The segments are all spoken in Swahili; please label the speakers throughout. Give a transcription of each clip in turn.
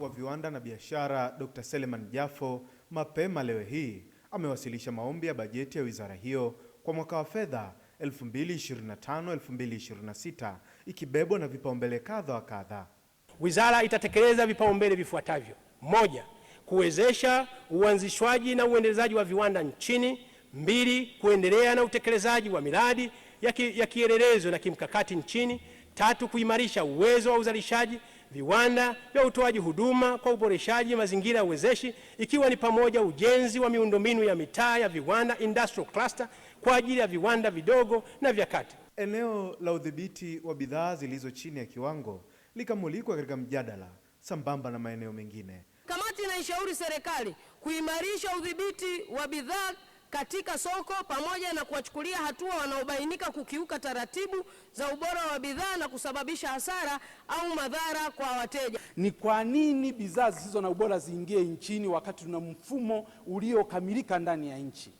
Speaker 1: wa viwanda na biashara Dr. Seleman Jafo mapema leo hii amewasilisha maombi ya bajeti ya wizara hiyo kwa mwaka wa fedha 2025-2026 ikibebwa na vipaumbele kadha wa kadha.
Speaker 2: Wizara itatekeleza vipaumbele vifuatavyo: moja, kuwezesha uanzishwaji na uendelezaji wa viwanda nchini; mbili, kuendelea na utekelezaji wa miradi ya kielelezo na kimkakati nchini; tatu, kuimarisha uwezo wa uzalishaji viwanda vya utoaji huduma kwa uboreshaji mazingira ya uwezeshi, ikiwa ni pamoja ujenzi wa miundombinu ya mitaa ya viwanda industrial cluster kwa ajili ya viwanda vidogo na vya kati.
Speaker 1: Eneo la udhibiti wa bidhaa zilizo chini ya kiwango likamulikwa katika mjadala sambamba na maeneo mengine.
Speaker 3: Kamati inaishauri serikali kuimarisha udhibiti wa bidhaa katika soko pamoja na kuwachukulia hatua wanaobainika kukiuka taratibu za ubora wa bidhaa na kusababisha hasara au madhara kwa wateja.
Speaker 4: Ni kwa nini bidhaa zisizo na ubora ziingie nchini wakati tuna mfumo uliokamilika ndani ya nchi?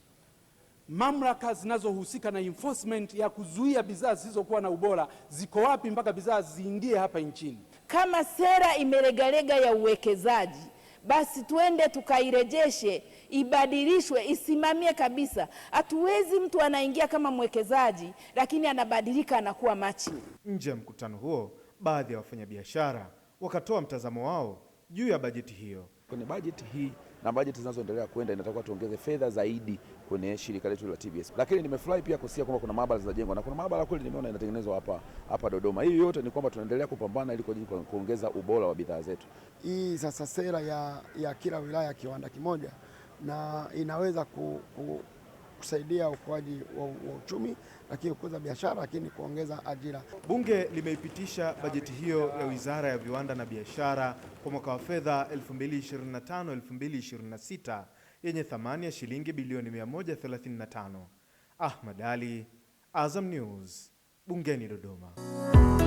Speaker 4: Mamlaka zinazohusika na enforcement ya kuzuia bidhaa zisizokuwa na ubora ziko wapi mpaka bidhaa ziingie hapa nchini?
Speaker 5: Kama sera imelegalega ya uwekezaji, basi twende tukairejeshe ibadilishwe, isimamie kabisa. Hatuwezi mtu anaingia kama mwekezaji, lakini anabadilika anakuwa machi.
Speaker 1: Nje ya mkutano huo, baadhi ya wafanyabiashara wakatoa mtazamo wao juu ya bajeti hiyo.
Speaker 6: Kwenye bajeti hii na bajeti zinazoendelea kwenda inatakiwa tuongeze fedha zaidi kwenye shirika letu la TBS, lakini nimefurahi pia kusikia kwamba kuna maabara zinajengwa na kuna maabara kweli nimeona inatengenezwa hapa hapa Dodoma. Hii yote ni kwamba tunaendelea kupambana ili kuongeza ubora wa bidhaa zetu.
Speaker 7: Hii sasa sera ya, ya kila wilaya kiwanda kimoja na inaweza ku, ku, kusaidia ukuaji wa, wa uchumi, lakini kukuza biashara, lakini kuongeza ajira.
Speaker 1: Bunge limeipitisha bajeti hiyo ya Wizara ya Viwanda na Biashara kwa mwaka wa fedha 2025-2026 yenye thamani ya shilingi bilioni 135. Ahmad ali Azam News, Bungeni Dodoma.